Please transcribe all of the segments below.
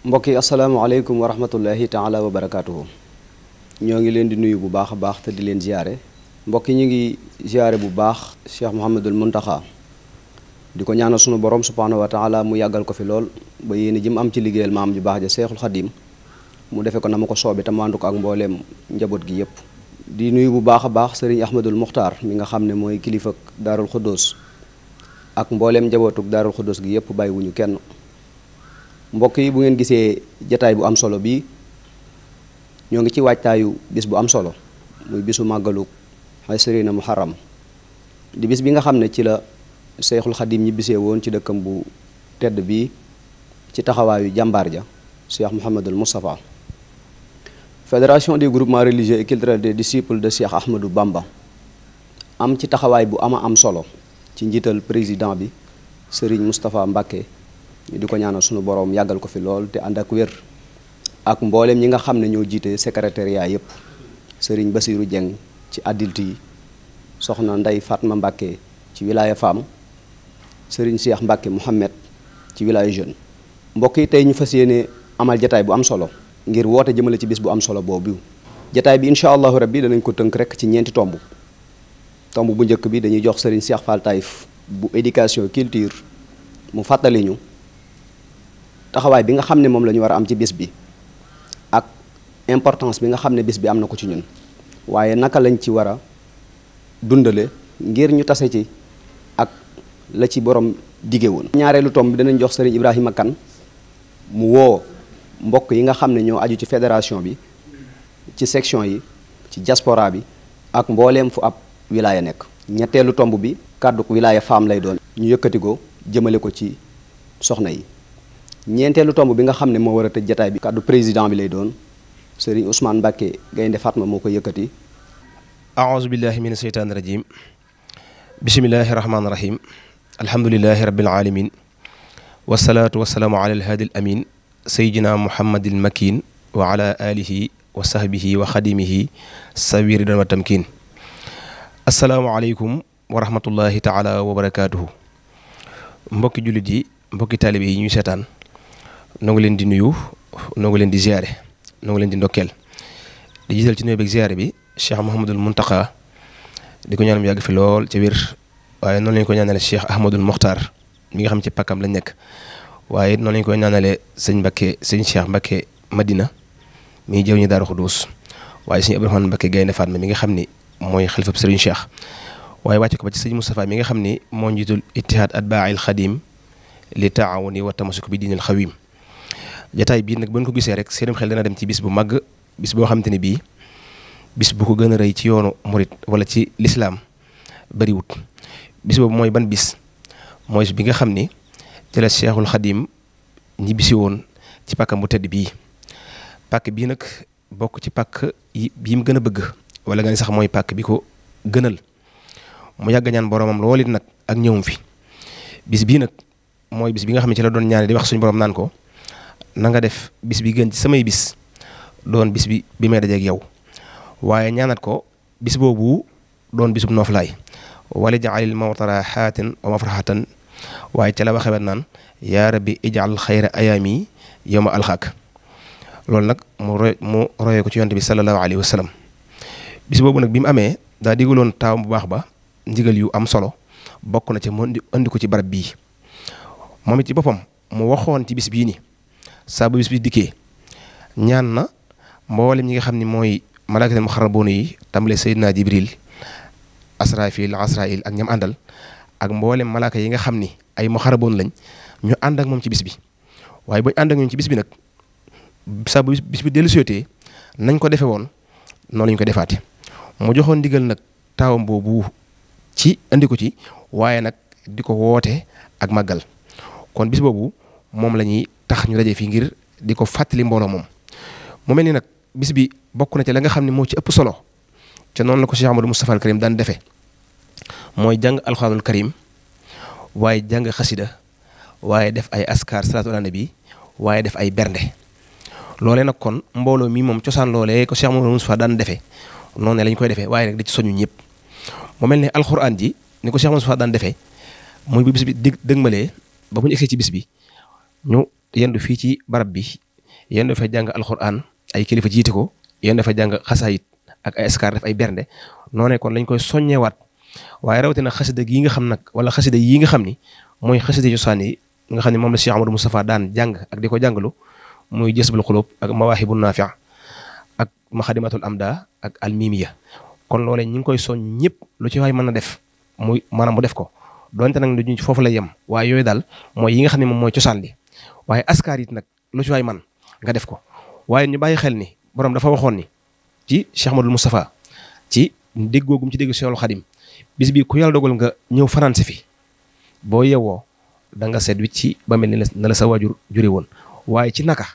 mbokk yi asalaamaaleykum wa rahmatullahi taala wa barakaatuhu ñoo ngi leen di nuyu bu baax a baax te di leen ziare mbokk yi ñu ngi ziare bu baax Cheikh Mouhamadul Muntaxa di ko ñaanal sunu borom subhaanahu wa taala mu yàggal ko fi lool ba yéene ji mu am ci liggéeyal am ju baax ja seexul xadim mu defe ko na ma ko soobee te maandu ko ak mbooleem njaboot gi yépp di nuyu bu baax a baax sëriñ Ahmadul Muxtaar mi nga xam ne mooy kilifa daarul xuddoos ak mbooleem njabootuk daarul xuddoos gi yépp bàyyiwuñu kenn mbokk yi bu ngeen gisee jataay bu am solo bii ñoo ngi ci waajtaayu bis bu am solo muy bisu màggalu asrina muharram di bis bi nga xam ne ci la Seexul Xadim ñibbisee woon ci dëkkam bu tedd bi ci taxawaayu jàmbaar ja Cheikh Mouhamadul Moustapha fédération des groupement religieux et culturels des disciples de Cheikh Ahmadou Bamba am ci taxawaay bu ama am solo ci njiital président bi Serigne Moustapha Mbacké di ko ñaanal suñu borom yàggal ko fi lool te ànd ak wér ak mbooleem ñi nga xam ne ñoo jiite secrétariat yëpp sëriñ basiiru Dieng ci adulte yi soxna Ndey Fatma Mbacke ci wilaya femme sëriñ Cheikh Mbacke Mouhamed ci wilaya jeune. mbokk yi tey ñu fas yéene amal jataay bu am solo ngir woote jëmale ci bis bu am solo boobu jataay bi incha allahu rabbi danañ ko tënk rek ci ñeenti tomb tomb bu njëkk bi dañuy jox sëriñ Cheikh Fall bu éducation culture mu fàttali ñu. taxawaay bi nga xam ne moom la ñu war a am ci bis bi ak importance bi nga xam ne bis bi am na ko ci ñun waaye naka lañ ci war a dundale ngir ñu tase ci ak la ci borom dige woon. ñaareelu tomb bi danañ jox sëriñ Ibrahima Kane mu woo mbokk yi nga xam ne ñoo aju ci fédération bi ci section yi ci jaspora bi ak mbooleem fu ab wilaya nekk. ñetteelu tomb bi kàddu wilaya femme lay doon. ñu yëkkati ko jëmale ko ci soxna yi. ñeenteelu tomb bi nga xam ne moo war a jataay bi kàddu président bi lay doon sëriñ Ousmane Mbacke Gaynde Fatma moo ko yëkkati aouzu billahi min asheytaani rajim bismillahi rahmaani rahim alhamdulilahi rabbil alamin wasalaatu wasalaamu ala alhaadi al amin sayidina muhammadil wa ala alihi wa sahbihi wa xadimihi sabiri dan wa tamkin mbokki jullit yi mbokki taalibe yi ñuy seetaan noo leen di nuyu noo leen di ziare noo leen di ndokkeel di jiital ci nuyu beeg ziare bi Cheikh Mouhamadul Mountakha di ko ñaan mu fi lool ci wér waaye noonu lañ ko ñaanalee Cheikh Ahmadul Mokhtar mi nga xam ci pakkam lañ nekk waaye noonu lañ koy ñaanalee sëñ Mbakke sëñ Cheikh Mbakke Madina mi jëw ñi daar Xuduus waaye sëñ Abdourahmane Mbakke Gaynde Fatma mi nga xam ni mooy xalifab sëriñ Cheikh waaye wàcce ko ba ci sëñ Moustapha mi nga xam ni moo njiitul ittihaad atbaa'il xadim li taawuni wa ko bi diinil xawim jataay bii nag bu ñu ko gisee rek seenum xel dana dem ci bis bu màgg bis boo xamante ni bii bis bu ko gën a rëy ci yoonu murit wala ci lislaam bariwut bis boobu mooy ban bis mooy bi nga xam ni ci la ñibbisi woon ci pàkkam bu tedd bii pàkk bii nag bokk ci pàkk yi yi mu gën a bëgg wala nga mooy pàkk bi ko gënal mu yàgg ñaan boromam lool it nag ak ñëwum fi bis bii nag mooy bis bi nga xam ne ci la doon ñaane di wax suñu borom naan ko. na nga def bis bi gën ci samay bis doon bis bi bi may dajeeg yow waaye ñaanat ko bis boobu doon bisub nooflaay wala jaalil mawtara xaatin wa mafraxatan waaye ca la waxee naan yaa rabbi ijaal xayra ayaami yow ma alxaak loolu nag mu roy ko ci yonte bi sallallahu alayhi wa bis boobu nag bi mu amee daa digaloon taaw bu baax ba njigal yu am solo bokk na ci mu indi ko ci barab bii moom it ci boppam mu waxoon ci bis bii nii. saa bu bi dikkee ñaan na mboolem ñi nga xam ne mooy malaakatul muxarraboona yi tàmbale Seydina Jibril Asrafil Asrail ak ñam àndal ak mboolem malaaka yi nga xam ni ay muxarraboon lañ ñu ànd ak moom ci bis bi waaye bu ñu ànd ak ñoom ci bis bi nag saa bu bis bi dellu nañ ko defe woon noonu lañ ko defaate mu joxoon ndigal nag taawam boobu ci andi ko ci waaye nag di ko woote ak màggal kon bis moom la tax ñu daje fii ngir di ko fàttali mbooloo moom mu mel ni nag bis bi bokk na ca la nga xam ne moo ci ëpp solo ca noonu la ko Cheikh Amadou Moustapha al Karim daan defee mooy jàng alxuraanul waaye jàng xasida waaye def ay askar salaatu ala waaye def ay bernde loolee nag kon mbooloo mi moom cosaan loolee ko Cheikh Amadou Moustapha daan defee noonu la koy defee waaye nag di ci soñu ñëpp mu mel ne alxuraan ji ni ko Cheikh Amadou Moustapha daan defee muy bi bis bi dëgmalee ba bu ñu egsee ci bis bi ñu. du fii ci barab bi yendu fa jàng alxuraan ay kilifa jiite ko yendu fa jàng xasaayit ak ay askar def ay bernde noonee kon lañ koy soññewaat waaye rawatina xasida yi nga xam nag wala xasida yi nga xam ni mooy xasida cosaan yi nga xam ne moom la Cheikh Amadou Moustapha daan jàng ak di ko jàngalu muy jësbul xulub ak ma mawaahibu naafi' ak am daa ak almimiya kon loole ñu ngi koy soñ ñëpp lu ci waay mën a def muy maanaam mu def ko donte nag lu ñu foofu lay yem waaye yooyu daal mooy yi nga xam ne moom mooy cosaan li waaye askar it nag lu ci waay man nga def ko waaye ñu bàyyi xel ni borom dafa waxoon ni ci Cheikh Ahmadul Moustapha ci déggoo gum ci dégg Cheikhul Khadim bis bi ku yàlla dogal nga ñëw fanaan si fi boo yewoo danga nga seet ci ba mel ni na la sa waajur jure woon waaye ci naka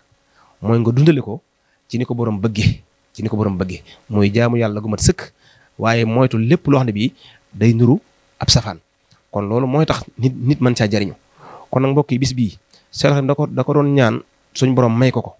mooy nga dundale ko ci ni ko borom bëggee ci ni ko borom bëggee mooy jaamu yàlla gumat sëkk waaye moytu lépp loo xam ne bii day nuru ab safaan kon loolu mooy tax nit nit mën caa jariñu kon yi bis Seex Xaadim da ko doon ñaan suñu boroom may ko ko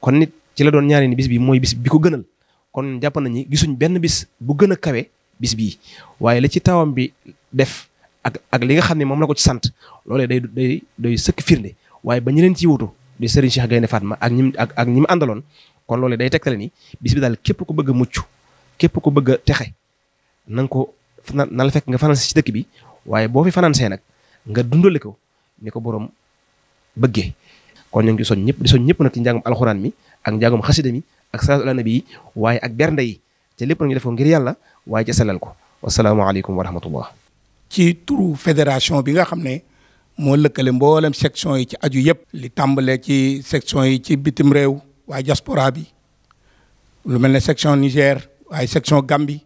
kon nit ci la doon ñaanee ni bis bi mooy bis bi ko gënal kon jàpp nañu gisuñ benn bis bu gën a kawe bis bii waaye la ci tawam bi def ak ak li nga xam ne moom la ko ci sant loolee day day day sëkk firnde waaye ba ñu leen ciy wutu di Serigne Cheikh Gaynde Fatma ak ñi ak ak ñi mu àndaloon kon loole day tegtale ni bis bi daal képp ku bëgg mucc képp ku bëgg a texe na ko na la fekk nga fanaan si dëkk bi waaye boo fi fanaansee nag nga dundale ko ni ko borom bëggee kon ñu ngi soon ñëpp di soñ ñëpp nag ci njàngum alxuraan mi ak njàngum xasida mi ak salaatu ala nabi waaye ak bernde yi lépp nañu def ko ngir yàlla waaye ca ko wasalaamaaleykum wa rahmatullah ci turu fédération bi nga xam ne moo lëkkale mboolem section yi ci aju yëpp li tàmbalee ci section yi ci bitim réew waaye diaspora bi lu mel ne section Niger waaye section Gambie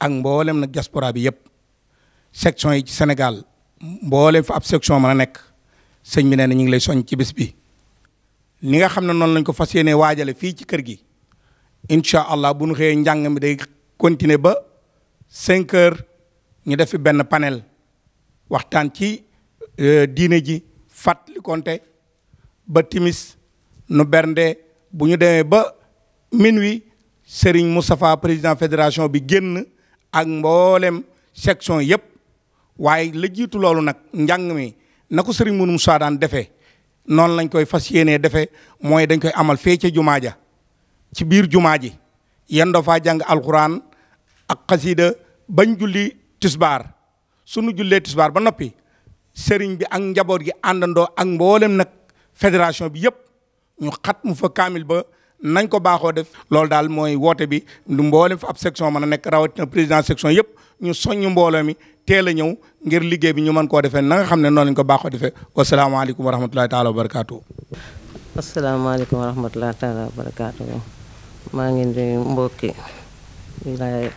ak mboolem nag diaspora bi yëpp section yi ci Sénégal mboolem fa ab section mën nekk sëñ bi nee na ñu ngi lay soñ ci bis bi li nga xam ne noonu lañ ko fas yéene waajale fii ci kër gi incha allah bu nu xëyee njàng mi day continuer ba cinq ñu def fi benn panel waxtaan ci euh, diine ji fàttali konte ba timis nu bernde bu ñu demee ba minuit Serigne Moustapha président fédération bi génn ak mboolem section yépp waaye la jiitu loolu nag njàng mi na ko sëriñ Mourou Moussa daan defee noonu lañ koy fas yéenee defe mooy dañ koy amal fee ca jumaa ja ci biir jumaa ji yen doo faa jàng alxuraan ak xasida bañ julli tisbaar sunu jullee tisbaar ba noppi sëriñ bi ak njaboot gi àndandoo ak mboolem nag fédération bi yëpp ñu xat mu fa kaamil ba nañ ko baaxoo def loolu daal mooy woote bi lu mboolem fa ab section ma a nekk rawatina président section yëpp ñu soññ mbooloo mi teel a ñëw ngir liggéey bi ñu man koo defee na xam ne noonu lañ ko baaxoo defee wasalaamaaleykum wa rahmatulahi taala wa barakaatu. asalaamaaleykum wa rahmatulahi maa ngi nuyu mbokki wilaya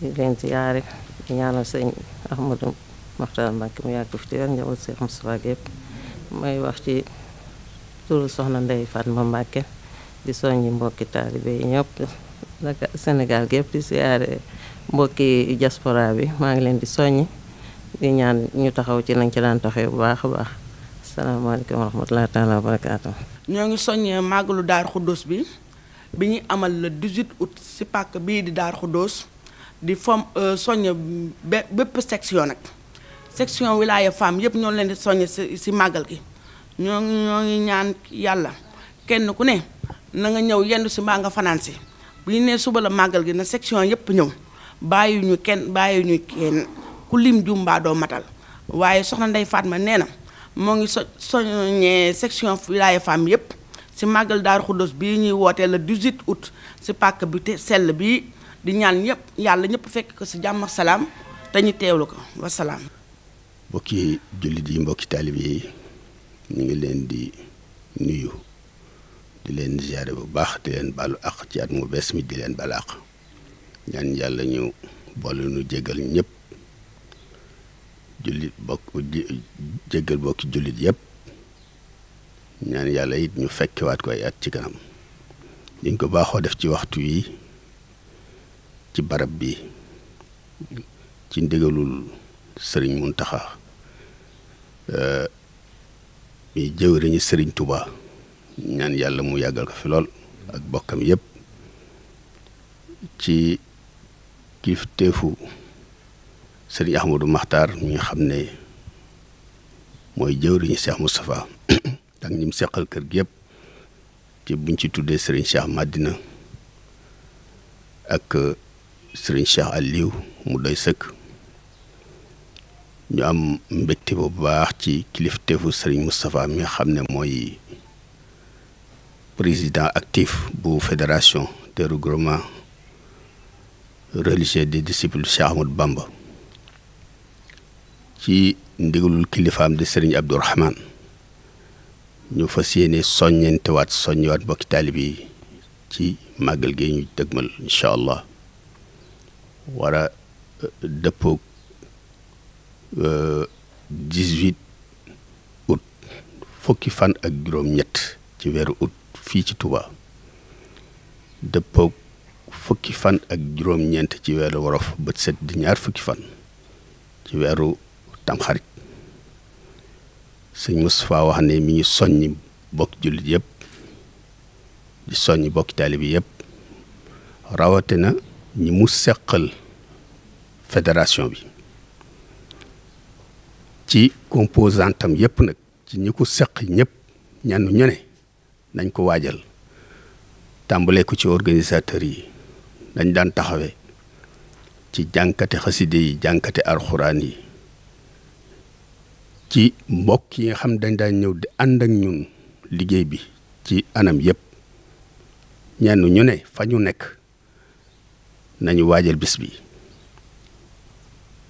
di leen ziyaare di ñaanal sëñ Ahmadou Maxtaar Mbàkke mu yàgg fi teer njaboot si Moustapha gépp may wax ci turu soxna Ndeye Fatma Mbàkke di soññi mbokki taalibe yi ñëpp Dakar Sénégal gépp di siyaare mbokki diaspora bi maa ngi leen di soññi di ñaan ñu taxaw ci nañ ci daan taxee bu baax baax asalaamaaleykum wa rahmatullahi taala ñoo ngi soññee màggalu daar xuddoos bi bi ñuy amal le 18 août si pàkk bii di daar xuddoos di fom euh, soññe bépp section nag section wilaya femme yëpp ñoo leen di soññe si màggal gi ñoo ngi ñoo ngi ñaan yàlla kenn ku ne nanga ñëw yendu si mbaa nga fanaan si bu ñu nee suba la màggal gi na section yëpp ñëw bàyyiwuñu kenn bàyyiwuñu kenn ku lim jum doo matal waaye soxna Ndeye Fatma nee na moo ngi so soññee section wilaya femme yëpp si màggal Daaru Xuddos bii ñuy wootee le 18 août si pàkk bi te sell bii di ñaan ñëpp yàlla ñëpp fekk ko si jàmm salaam te ñu teewlu ko wasalaam. mbokki jullit yi mbokki taalib yi ñu ngi leen di nuyu. di leen ziare bu baax di leen baalu àq ci at mu bees mi di leen baalu àq ñaan yàlla ñu boole nu jégal ñëpp jullit bokk jégal bokki jullit yëpp ñaan yàlla it ñu fekkewaat koy at ci kanam dañ ko baaxoo def ci waxtu yi ci barab bi ci ndigalul sëriñ taxa eh, mi jëwriñu sëriñ Tuubaa ñaan yàlla mu yàggal ko fi lool ak bokkam yépp ci kilifteefu sëriñ Ahmadou Maxtaar mi nga xam ne mooy jëwriñu Cheikh Moustapha ak ñi mu seqal kër gi yépp ci buñ ci tuddee sëriñ Cheikh Madina ak sëriñ Cheikh liw mu doy sëkk ñu am mbégte bu baax ci kilifteefu sëriñ Moustapha mi nga xam ne mooy président actif bu fédération des regroupements religieux des disciples Cheikh Bamba ci ndigalul kilifaam di sëriñ Abdourahman ñu fas yéene soññentewaat soññewaat mbokki taalib ci màggal gi ñu dëgmal incha allah war a euh, euh, dix-huit août fukki fan ak juróom-ñett ci weeru août. fii ci Touba dëppook fukki fan ak juróom-ñeent ci weeru wolof bët set di ñaar fukki fan ci weeru tamxarit sëñ Moustapha wax ne mi ngi soññ bokk jullit yëpp di soññ bokki taali bi yëpp rawatina ñi mu seqal fédération bi ci composantam yëpp nag ci ñu ko seq ñépp ñanu ñene nañ ko waajal tàmbalee ko ci organisateurs yi dañ daan taxawe ci jànkate xaside yi jànkate alxuraan yi ci mbokk yi nga xam dañ daan ñëw di ànd ak ñun liggéey bi ci anam yëpp ñenn ñu ne fa ñu nekk nañu waajal bis bi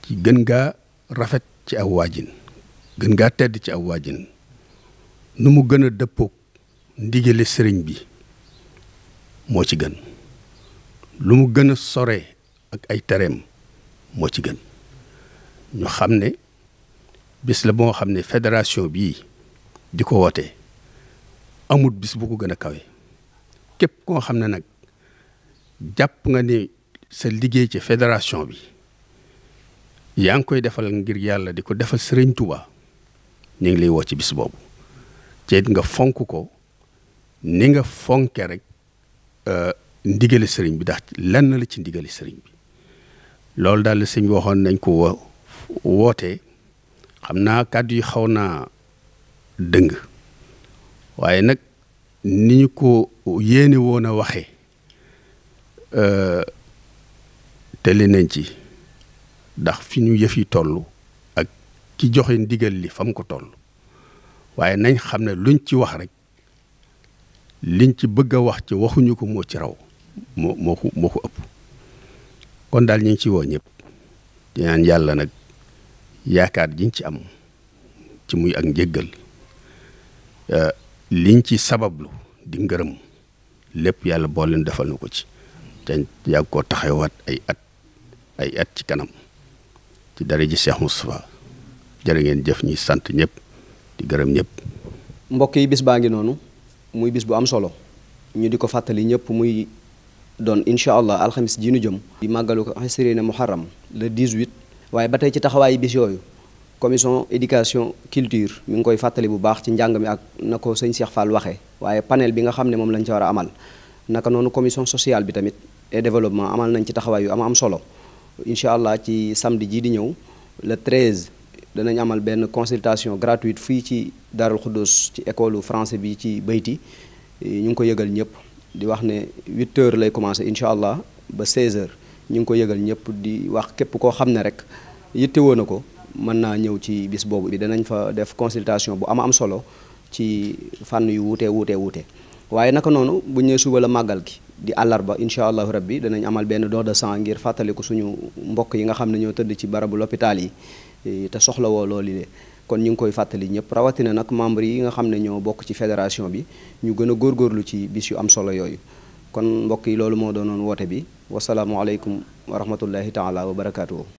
ci gën gaa rafet ci aw waajin gën gaa tedd ci aw waajin nu mu gën a dëppoog ndigale sëriñ bi moo ci gën lu mu gën a sore ak ay tereem moo ci gën ñu xam ne bis la boo xam ne fédération bii di ko wootee amut bis bu ko gën a kawe képp koo xam ne nag jàpp nga ni sa liggéey ci fédération bi yaa ngi koy defal ngir yàlla di ko defal sëriñ Tuubaa ñu ngi lay woo ci bis boobu ceet nga fonk ko ni nga fonke rek euh, ndigali sëriñ bi ndax lenn la ci ndigali sëriñ bi loolu daal la sëñ waxoon nañ ko wootee xam naa kàddu yi xaw naa dëng waaye nag ni ko yéene woon a waxee euh, tële ci ndax fi ñu yëf yi toll ak ki joxe ndigal li fam ko toll waaye nañ xam ne luñ ci wax rek liñ ci bëgg a wax ci waxuñu ko moo ci raw moo moo ko moo ko ëpp kon daal ñu ci woo ñëpp di ñaan yàlla nag yaakaar jiñ ci am ci muy ak njëggal euh, liñ ci sabablu di ngërëm lépp yàlla boo leen defal na ko ci te yàgg koo taxawaat ay at ay at ci kanam ci dara ji Cheikh Moustapha jërë ngeen jëf ñi sant ñëpp di gërëm ñëpp mbokk yi bis baa ngi noonu muy bis bu am solo ñu di ko fàttali ñëpp muy doon incha allah alxamis ji nu jëm. di màggalu ko xisriina muharram le 18 waaye ba tey ci taxawaayu bis yooyu commission éducation culture mi ngi koy fàttali bu baax ci njàng mi ak na ko sëñ Cheikh Fall waxee waaye panel bi nga xam ne moom lañ ci war a amal naka noonu commission sociale bi tamit et développement amal nañ ci taxawaay yu am am solo incha allah ci samedi jii di ñëw le 13. danañ amal benn consultation gratuite fii ci Daarul Xuddus ci école français bi ci Bayti ñu ngi ko yëgal ñëpp di wax ne 8 heures lay commencé incha allah ba 16 heures ñu ngi ko yëgal ñëpp di wax képp koo xam ne rek yittewoo na ko mën naa ñëw ci bis boobu bi danañ fa def consultation bu ama am solo ci fànn yu wuute wuute wute waaye naka noonu bu ñëwee suba la màggal gi di àllarba incha allahu rabbi danañ amal benn don de sang ngir fàttaliku suñu mbokk yi nga xam ne ñoo tëdd ci barabu l'hôpital yi e, te soxlawoo loolu le kon ñu ngi koy fàttali ñëpp rawatina nag membre yi nga xam ne ñoo bokk ci fédération bi ñu gën a góorgóorlu ci bis yu am solo yooyu kon mbokk yi loolu moo doonoon woote bi wasalaamualeykum wa rahmatullahi taala wa barakaatu.